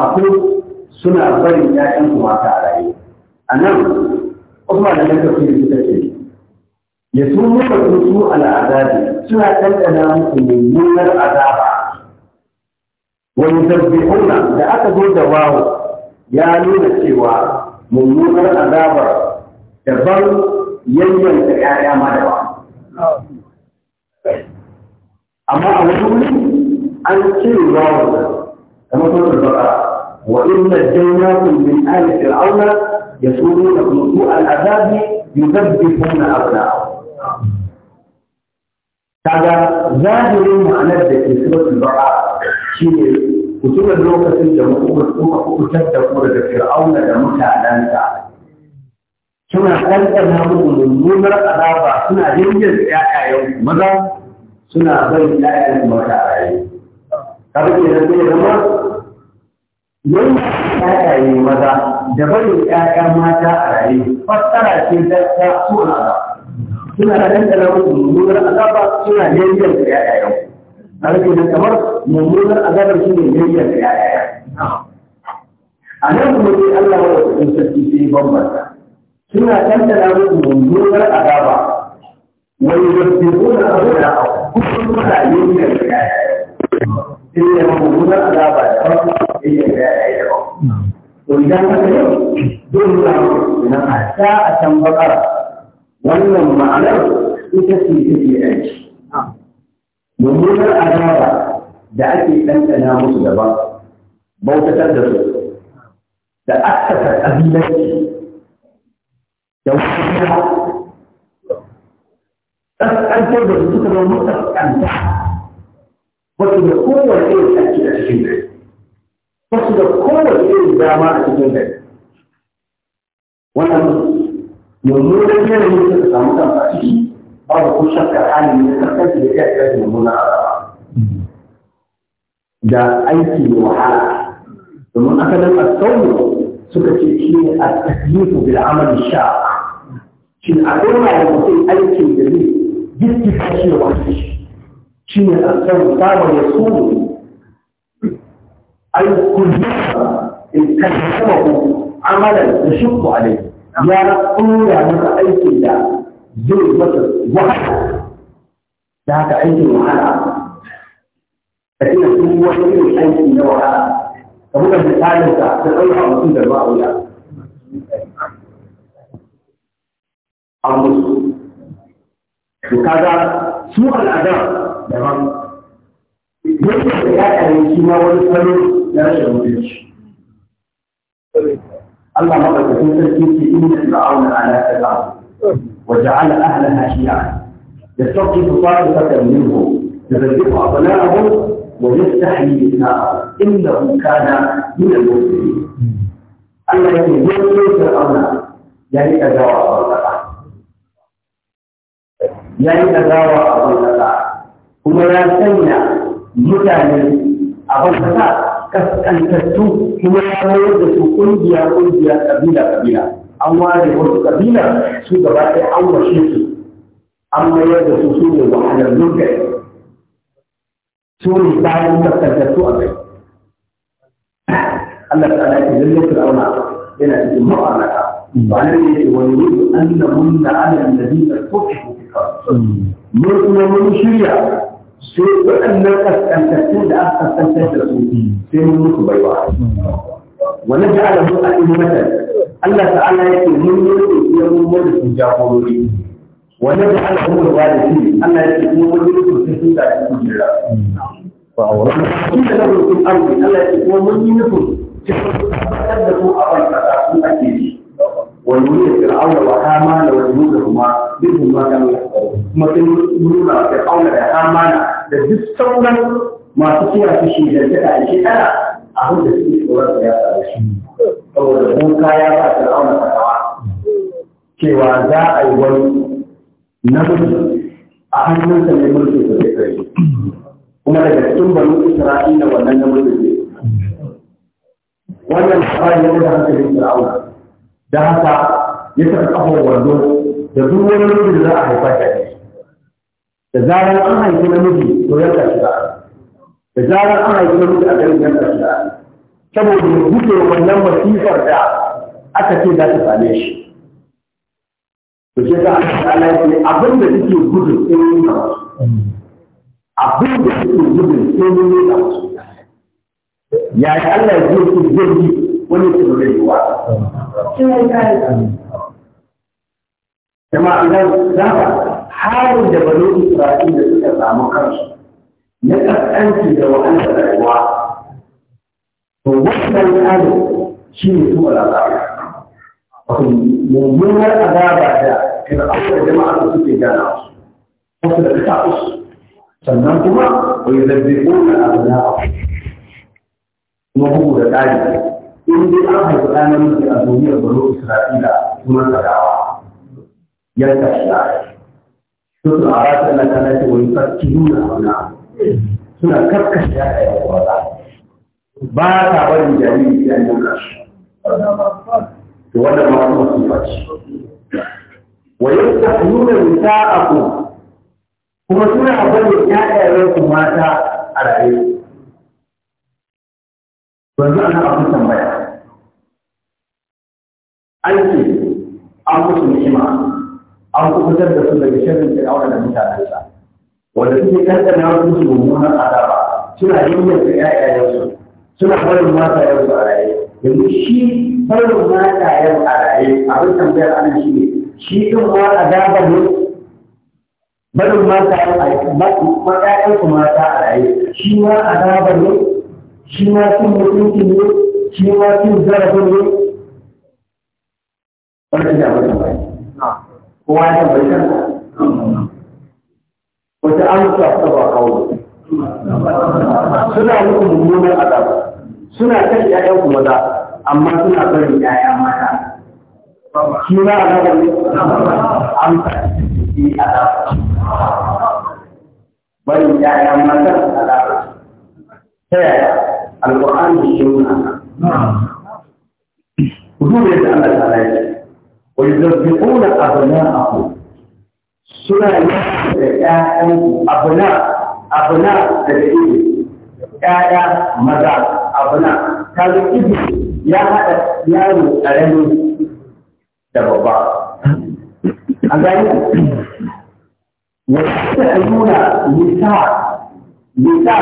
suna barin ‘ya'yan kumata a raye. A nan, kuma da nan kafin suka ce, ya su muka su al'adabi suna ɗanɗana muku mummunar azaba. Wani zabbi'una da aka zo da wawo ya nuna cewa mummunar azabar daban yayyan da ƴaƴa ma da ba amma a wani wuri an ce wawo kamar sun rubuta wa inna jannatun min ya fir'auna yasuduna su'a al'adabi yudabbihuna abna'ahum kaga zahirin ma'anar da ke suratul ba'a shine ku tuna lokacin da muka kubutar da ku da fir'auna da mutanensa suna ɗanɗana muku mummunar azaba suna yanyan ƴaƴayen maza suna bai ƴaƴayen mata a yi. kaga ke da zai zama yanyan ƴaƴaye maza da bai ƴaƴa mata a yi fassara ce ta ta suna suna ɗanɗana muku mummunar azaba suna yanyan ƴaƴayen kaga ke da kamar mummunar azabar shi ne yanyan ƴaƴayen a nan kuma sai Allah ya wasu sarki sai bambanta suna tantana musu mummunar azaba wani yadda na abu da kusan suna yin da ya yi da mummunar azaba da farko da ya yi da to idan haka ne zai nuna musu na hasa a can bakara wannan ma'anar ita ce ta ke take aiki mummunar azaba da ake tantana musu daban bautatar da su da aka ta ƙabilanci أن تقدر تذكر المطلق أن تحت وصل قوة إيه تأكيد أشجنة وصل قوة إيه الدعماء أشجنة وأن يمنون كان يمكن تسامتا فأشي بعض كل شك حالي من الأساس اللي يحتاج يمنون على da aiki da wahala domin asalin asawar suka ce shi ne a taklifu bil amal sha shi a da mutum aikin da zai duk shi da wasu shi shi ne a san samun ya so ai kullum in kan sama ku amala da shukku alai ya ɗora masa aikin da zai masa wahala da haka aikin wahala ka tuna duk wani irin aiki na wahala ka buga misalinka ka ɗaura mutum da ba wuya an musu to kaga su al'ada daban yadda da ya kare shi ma wani salo ya rashin mutunci Allah madaukakin sarki ce inna fir'auna ala kaza wa ja'ala ahlaha shi'a يستغفر طائفة منهم يذبح أبناءهم ويستحيي نساءهم إنه كان من المسلمين. الله يقول ليس الأمر يعني كذا ya yi ɗagawa a ban kuma ya sanya mutane a ban ƙasa kaskantattu kuma ya kawo da su ƙungiya ƙungiya ƙabila ƙabila an ware wasu ƙabila su gaba ɗaya an washe su an mayar da su su ne wahalar lokaci su ne bayan kaskantattu a kai Allah ta ala ke lalle fir'auna yana cikin ma'anaka ba ne yake wani yuzu annahum la'ala alladhina futihu mun kuma mun shirya sai waɗannan kaskantattun da aka kaskantar da su sai mun mutu baiwa wani da ala mun aɗin mata Allah ta'ala ya ce mun yi da iya mun mata sun jagorori wani da ala mun da shi Allah ya ce mun wani da sun sun da sun jira wani da na rukun arziki Allah ce kuma mun yi nufin cikin su a da su a bai kasa sun ake shi ونريد فرعون وهامان وجنودهما منهم ما كانوا يحذرون kuma sai nuna auna da hamana da duk sauran masu kiyaye su shi da ta ake a hudu da suke tsoron da ya faru shi saboda ba ya sa fir'auna fatawa cewa za a yi wani namiji a hannunsa ne mulki da zai kai kuma daga cikin banu isra'ila wannan namiji ne wannan tsari ne da hankalin fir'auna da haka ya saka kafar wando da duk wani namiji da za a haifa shi da zarar an haifi namiji to ya shi da da zarar an haifi namiji a garin yanka shi da saboda ya guje wannan masifar da aka ce za ta same shi to shi ta ala ce abin da suke gudu sai ne na abin da suke gudu sai ne na wasu ya yi Allah ya ce zai yi wani tsibirai wa kayan Jama'a nan za ka halin da balo da suka samu kansu na ƙasƙanci da wa'anda rayuwa. To wannan tsari shi ne su alaƙa. Mummunar azaba da fir'auna jama'a da suke gana su, wasu da ta su. Sannan kuma, wai zabbe ƙona abu na abu. Kuma bugu da tsari. in dai an haifi ɗan namiji a duniyar baro Isra'ila kuma sadawa yanka shi a rai. Sun a rasa na kana ce wani farki nuna auna suna karkashe ya ɗaya wata. Ba ta bari jariri ya yanka shi. To wannan ma kuma sun faci. Wa yin ta nuna nisa a kuma suna bari ya ɗaya ku mata a rayu. yanzu ana abin tambaya an ce an kusa ni'ima an kubutar da su daga shirin aure da mutanensa wanda suke yawon musu mummunan azaba suna yanyanka ƴaƴayensu suna barin mata yau a raye yanzu shi barin mata matayen a raye abin tambayar ana shi ne shi ɗin ma azaba ne barin matayen a ƴaƴansu mata a raye shi ma azaba ne shi ma cin mutunci ne shi ma cin zarafin ne wani da wani bai kowa ya bai kan wata amsa ta ba kawo suna muku mummunan adab suna kan ƴaƴan ku maza amma suna bari ƴaƴa mata shi ma azabar ne amsa shi azabar bari ƴaƴa mata azabar ta yaya Al-Qur'an da Sunna. Ku duba yadda Allah ta yi. Wa yuzabbiquna abna'ahu. Suna da ƴaƴan abna abna da ibi. Ƴaƴa maza abna. Kaga ibi ya haɗa yaro ƙarami da babba. A gani wa ta ayyuna nisa nisa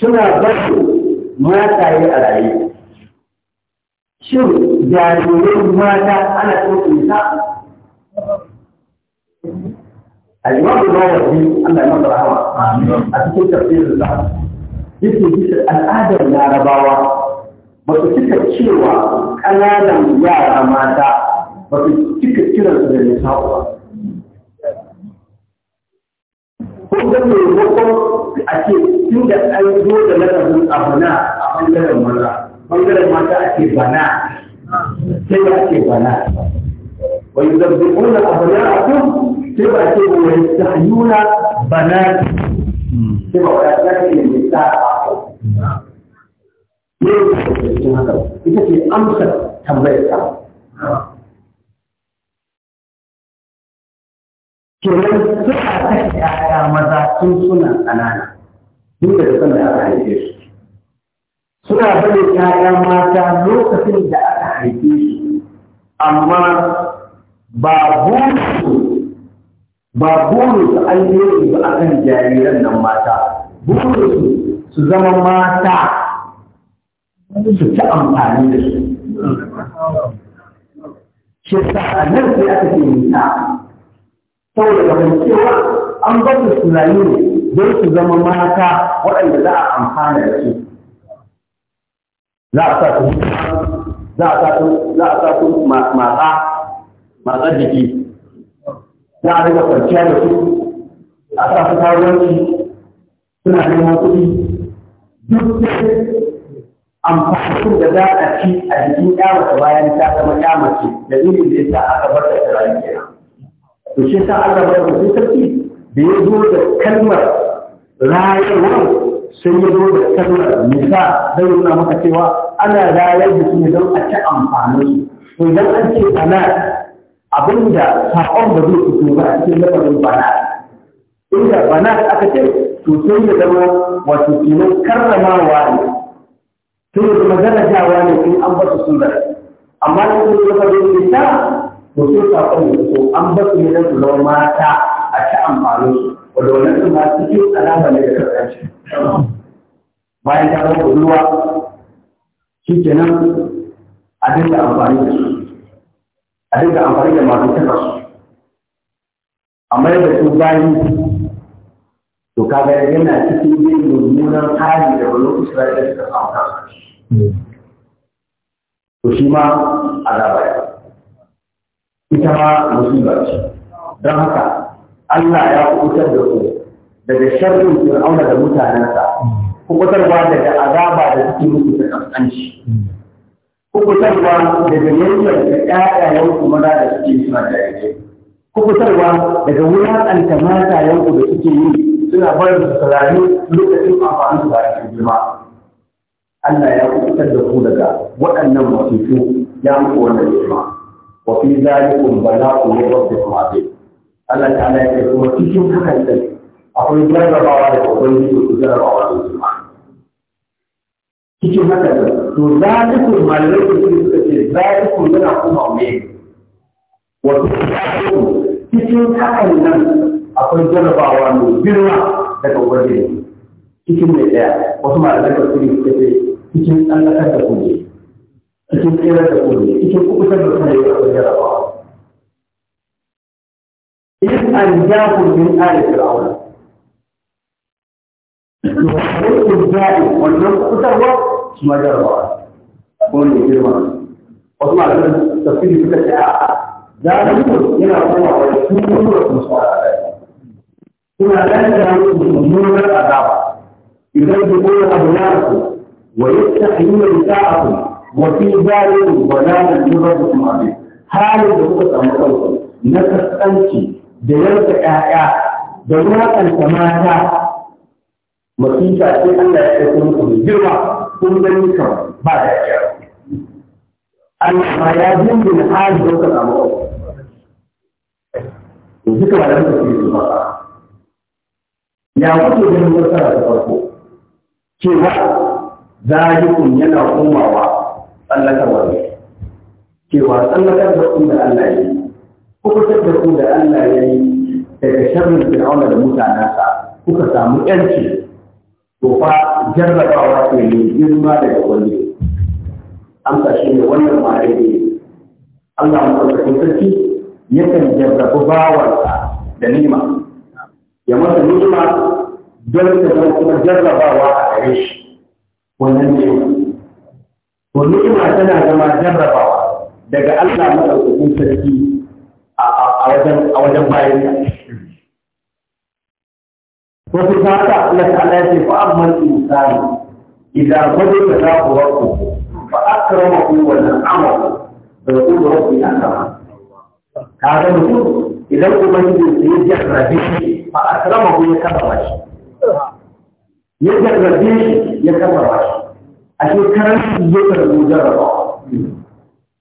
suna basu mataye a raye shin jarirai mata ana so nisa an da yi يرحمه رحمه a cikin tafsirin sa yake bisa al'adar larabawa ba su cika cewa ƙananan yara mata ba su cika kiransu da nisa ba. Kun ga maimakon a ce tun da an zo da lafazin abuna a ɓangaren maza ɓangaren mata ake bana sai ba a ce bana wani zabbi'una abuna a kun sai ba a ce wani sahiyuna bana sai ba wani ta ce ne ta a ne cikin haka ita ce amsar tambayar ta kenan suna kashe ƴaƴa maza tun suna ƙanana duka da san da aka haife su suna bane kaya mata lokacin da aka haife su amma ba burinsu ba burinsu an yi ba akan jariran nan mata burinsu su zama mata su ci amfani da su shi sa a nan sai aka ce nisa saboda an bata su tunani ne don su zama mata waɗanda za a amfana da su za a sa su za a sa su za a sa su jiki za a riga kwanciya da su a sa su karuwanci suna neman kuɗi duk amfani da za a ci a jikin ƙyamata bayan ta zama ƙyamace da irin da yasa aka bar da tsirani kenan to shi sa Allah bai mutu da ya zo da kalmar rayarwar sai ya zo da kalmar nisa don nuna maka cewa ana rayar da su ne don a ci amfanin su to idan an ce bana abinda saƙon da zai fito ba a cikin lafazin bana inda bana aka ce to sai ya zama wato kenan karramawa ne sai ya zama darajawa ne in an ba su sunan amma in sun lafazin nisa to sai saƙon ya fito an ba su ne don su zama mata a ci amfanin su wanda wannan su ma cikin alama ne da karkashi bayan ta zama ruwa shi kenan a dinga amfani da su a dinga amfani da masu tafa su amma yadda su bayi to kaga yana cikin yin mummunan hali da wani isra'ila suka samu kansu to shi ma azaba ita ma musulunci don haka Allah ya kubutar da ku daga sharrin fir'auna da mutanensa ba daga azaba da suke da ta kaskanci ba daga yankin da ƴaƴayen ku maza da suke suna jarirai ba daga wulaƙanta matayen ku da suke yi suna da su sarari lokacin amfani su ba da girma Allah ya kubutar da ku daga waɗannan masifu ya muku wannan girma wa fi zalikum bala'u min kuma azim Allah ta ala ya kuma cikin hakan da akwai jarrabawa da kwakwai da ku jarrabawa da su cikin hakan da to za ta ku malamai da su suka ce za ta ku yana kuma mai wato cikin hakan nan akwai jarrabawa mai girma daga ubangiji cikin mai daya wasu malamai da su suka ce cikin tsallakar da kuje cikin tsere da kuje cikin kuɓutar da kuma yi akwai jarrabawa يسأل أنجاكم من آل فرعون والطريق الدائم والنصر هو ما جرى قول الجرمان وطمع لكم تفكير في الساعة ذلك إلى الله ويسوره المصطفى هنا لا يجعلون المؤمنون الأدعاء يذبحون أبناءكم ويستحيون نساءكم وفي ذلك ضلال جرى بكم هذه هذا هو نفس أنت da yanka ƴaƴa da wulaƙanta mata masifa sai Allah ya ɗauko muku mai girma kun gani kan ba da ya Allah ma ya dindin hali da suka samu yanzu kamar da suka fi ba ya wuce ganin nasara da farko cewa zalikun yana komawa tsallakar wani cewa tsallakar da inda Allah ya yi kuka da ku da Allah ya yi daga sharrin fir'auna da mutanensa kuka samu yanci to fa jarrabawa ce mai girma daga wani amsa shi ne wannan ma'ai ne Allah mafarkacin sarki yakan jarrabu bawansa da nima ya masa nima don ta zama kuma jarrabawa a gare shi wannan nima to nima tana zama jarrabawa daga Allah mafarkacin sarki a wajen a wajen bayan ta ko su ta ta Allah ta Allah ce fa amman insani idan kwaje ka ta ku wakku fa akramahu wa na'ama da ku rabbi ya sama ka ga mutum idan ubangiji sai ya jarrabe shi fa akramahu ya kama ba shi ya jarrabe shi ya kama ba shi a shekarar shi ya karbo jarrabawa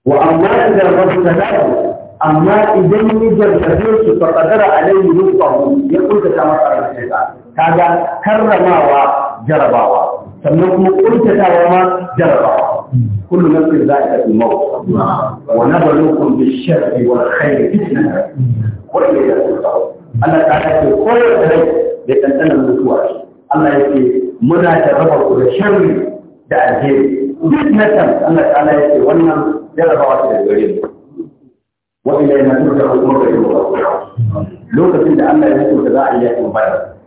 wa amma idan rabbi ta ku amma idan ya jarrabe su fa qadara alayhi rizqahu ya kunta ta masa arzika kaga karramawa jarabawa sannan kuma kuntatawa ma jarabawa kullu nafsin za'iqatul maut wa nabluukum bish-sharri wal khayri fitnah wa ilayhi tusharun Allah ta ce koyar da rai da tantanar mutuwa Allah yake muna jarraba ku da sharri da alheri fitnatan Allah ta ce wannan jarabawa ce da gare mu wa'inda yana turka ko kuma kai lokacin da Allah ya so da za a yi yakin Badar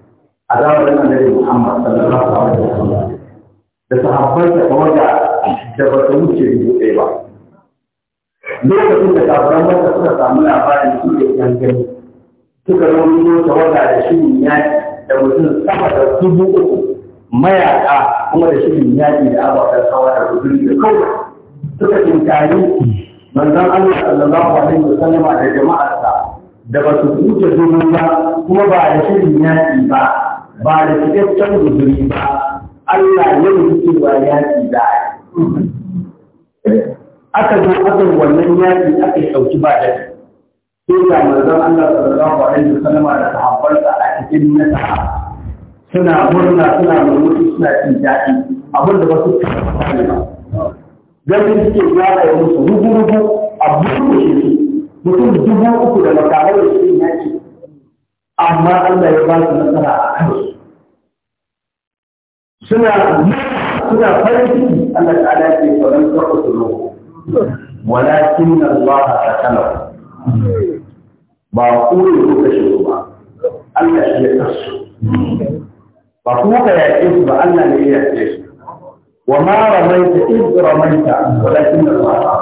a zamanin Annabi Muhammad sallallahu alaihi wasallam da sahabbai da kuma da da ba su wuce dutse ba lokacin da kafiran Makka suka samu labarin su da yankari suka rawo ta wata da shirin yaki da mutum sama da dubu uku mayaka kuma da shirin yaki da abokan hawa da kudin da kawai suka tinkari manzon Allah sallallahu alaihi sallam da jama'arsa da ba su kuce dubu ba kuma ba da shirin yaki ba ba da cikakken guzuri ba Allah ya yi cewa yaki da aka zo aka wannan yaki aka yi ɗauki ba da sai ga manzon Allah sallallahu alaihi sallam da sahabbansa a cikin nasa suna murna suna murmushi suna jin daɗi abinda ba su taɓa ba ganin suke gyara musu rugu-rugu a burkushe su mutum dubu uku da makamai da su yaki amma Allah ya ba su nasara a kansu suna suna farin ciki Allah ta'ala ke faran sarfa su ruhu walakin Allah a kana ba ku ne kuka shigo ba Allah shi ya kasu ba kuma ka yaƙe su ba Allah ne ya yaƙe su وما رميت إذ رميت ولكن الله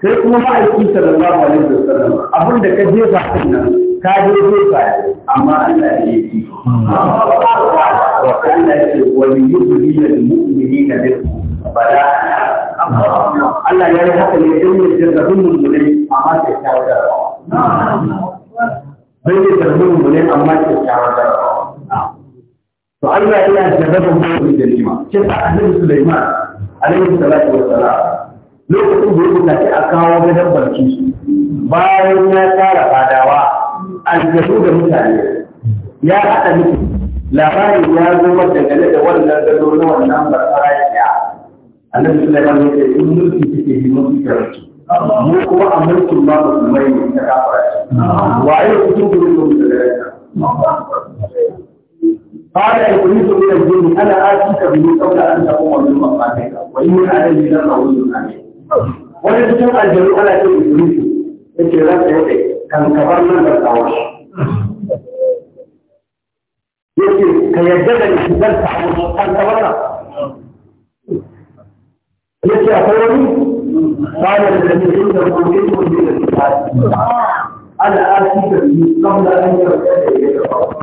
sai kuma ma'aiki sallallahu alaihi wasallam abin da ka jefa din ka je jefa amma Allah ya yi wa kana ce wa yudhi lil na bi bala Allah ya yi haka ne dan ya jirga dukkan mulai amma sai ta wadar bai da dukkan mulai amma sai ta wadar فالله إلا جذبهم في الجريمة كيف أهل سليمان عليه الصلاة والسلام lokacin da ya bukaci a kawo gadon barci bayan ya tara fadawa aljanu da mutane ya haɗa miki labarin ya zo mata gane da wannan gado na wannan barfara ya ɗaya annabi sulaiman ya ce in mulki take yi mulki ta rasu mu kuma a mulkin ba musulmai ne ta kafara ce wa yau cikin gurin da mutane قال إبليس من الجن أنا آتيك به قبل أن تقوم من مقامك وإني عليه لقوي أمين ولا تسمع الجن أنا أتي إبليس إنت لا تهدي كان كبرنا بالتعوش يمكن كيجدد الإنسان تعوش كان كبرنا يمكن أقولني قال الذي عنده علم بالكتاب أنا آتيك به قبل أن يرتد إليك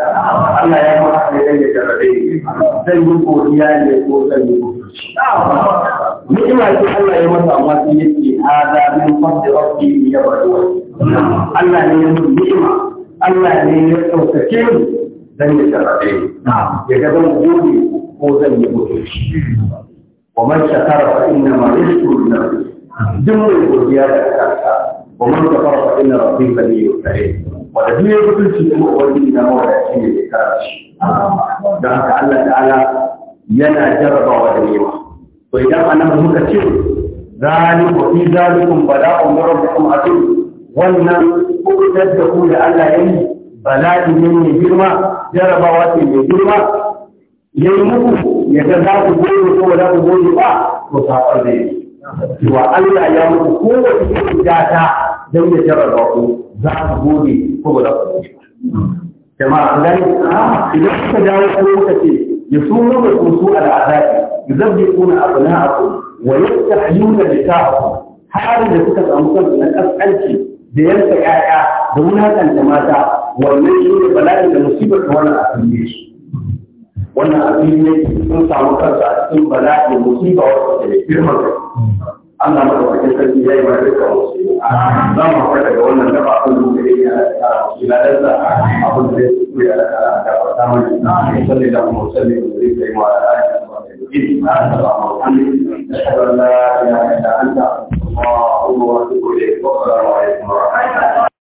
Allah ya maka ne dan ya jarrabe zan yi godiya ne ko zan yi ni'ima ce Allah ya masa amma sai yake hada min fadli rabbi ya barwa Allah ne ya mun ni'ima Allah ne ya sauke mu dan yi jarrabe ya ga zan gode ko zan yi mutunci wa man shakara fa inna ma yashkuru nafsi duk mai godiya da kansa wa man kafara fa inna rabbi ghaniyyun karim wanda duk yayin mutunci kuma ubangiji na mawada shi ne ya kara shi dan haka Allah ta'ala yana jarrabawa da nema. to idan annabi muka ce zaliku fi zalikum bala'un min rabbikum azim wannan kuɗar da ku da Allah ya yi bala'i ne mai girma jarabawa ce mai girma ya muku ya za ku goge ko za ku ba to wa Allah ya muku kowace irin don ya jarraba ku za ku gode ko ba za ku gode jama'a an gani ah, idan kuka dawo ko kuka ce ya suna da kusu al'adaki zan zabbe kuna abu na abna'aku wa yastahyuna nikahum halin da suka samu kansu na ƙasƙanci da yanka ƴaƴa da wulakanta mata wannan shi ne bala'i da musibar da wannan asiri shi wannan asiri ne sun samu kansu a cikin bala'i musiba wata da girman kai Allah ma ɗaukakin sarki ya yi ma duka wasu za mu haɗa daga wannan da ba abin da ya yi a ilalarsa abin da ya yi kuma ya raka a gafarta Na salli da mu salli da zai kai ma da ayyukan ba da yi na salamu alaikum da shagar la ya yi da kuma kuma wasu kuri ko salamu kuma.